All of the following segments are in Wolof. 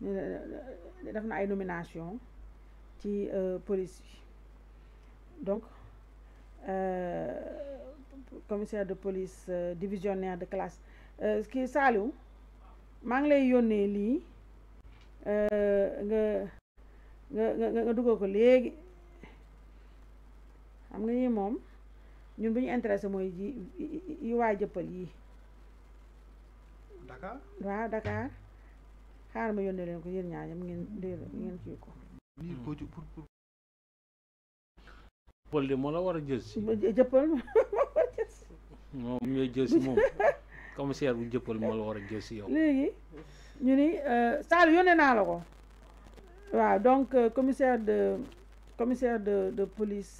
def na ay nomination ci euh, police bi donc euh, commissaire de police euh, divisionnaire de classe kii Saliou maa ngi lay yónnee lii nga nga nga dugal ko léegi xam nga ñi moom ñun bu ñu intéressé mooy yi yi waa jëppal yi waaw Dakar xaar ma yónnee leen ko yéen ñaar ngeen kii ko. moo la war a jël si. jëppal moo jël si. moom commissaire bu jëppal moo la war a jël si yow. léegi ñu ni euh, Sall yónnee naa la ko. waaw donc euh, commissaire de commissaire de de police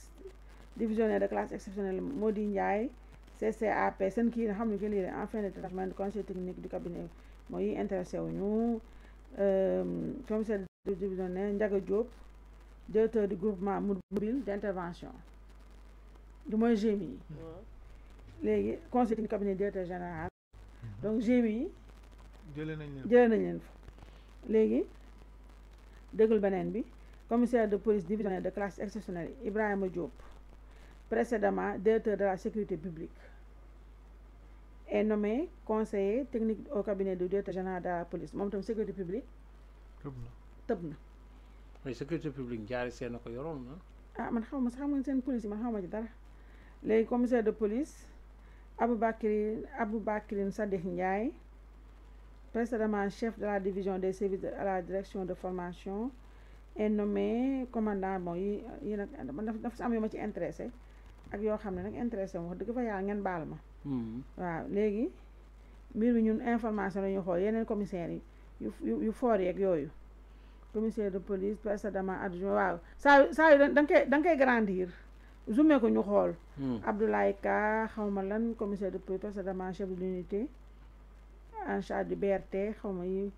divisionnaire de classe exceptionnelle di Ndiaye CCAP seen kii nga xam ne que lii en fin de traitement conseil technique du cabinet mooy intéressé wu ñu. Euh, commissaire de divisionnaire Ndiaga Diop directeur du groupement mobile d'intervention du mooy Jémi yi conseiller conseil du cabinet directeur général mhm. donc Jémi yi jëlee commissaire de police divisionnaire de classe exceptionnelle Ibrahim Diop précédemment directeur de la sécurité publique est nommé conseiller technique au cabinet du directeur général de la police moom tam sécurité publique. tëb na sécurité publique jaari seen na ko ah. ah man xaw ma sax police man xaw ma ci dara le commissaire de police Abou Bakri Sadeh Ndiaye précédemment chef de la division des services à la direction de formation est nommé commandant bon yi il nag dafa am yoo ci intéressé ak yoo xam ne intéressé wax dëgg fa qui ngeen baal Mm-hmm. waaw léegi mbir bi ñun information la ñuy xool yeneen commissaire yi yu yu yu foor yeeg yooyu commissaire de police précédemment adjoint waaw saa yu saa yu da nga koy da nga koy grandir zoomé ko ñu xool mm. Abdoulaye Ka xawma lan commissaire de police précédemment chef de l'unité en charge du BRT xawma yi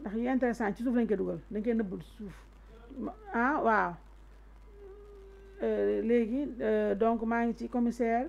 ndax yu intéressant ci suuf lañ koy dugal dañ koy nëbbul ci suuf ah waaw euh, léegi euh, donc maa ngi ci commissaire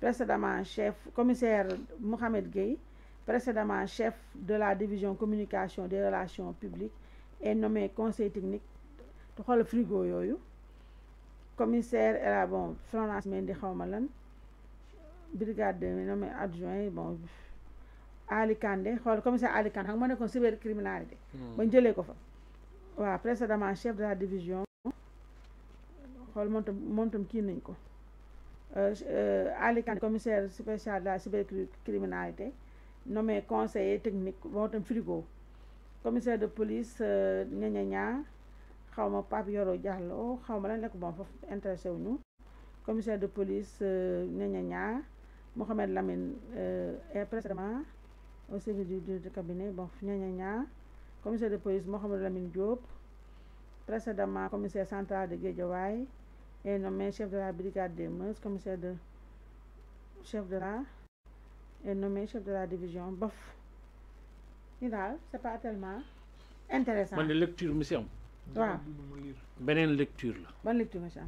précédemment chef commissaire Mohamed Gueye, précédemment chef de la division communication des relations publiques est nommé conseiller technique de le frigo commissaire era bon Florence Mendy xawma lan brigade nommé adjoint bon Ali commissaire Ali Kandé xam nga moo criminel cybercriminalité hmm. bañ jëlee ko fa précédemment chef de la division xool moom Le Euh, euh, Ali Kane commissaire spécial de la cybercriminalité conseiller technique moo tam frigo commissaire de police euh, ñañañaa xaw ma Pape Yoro Diallo xaw la lan lekk bon foofu intéressé wuñu commissaire de police ñañañaa Mohamed Lamine est précédemment au service du directeur de cabinet commissaire de police Mohamed Lamine Diop précédemment commissaire central de Guédiawaye et nommé chef de la brigade des mœurs, commissaire de chef de la et nommé chef de la division bof c'est pas tellement intéressant bonne lecture monsieur Bonne lecture là bonne lecture monsieur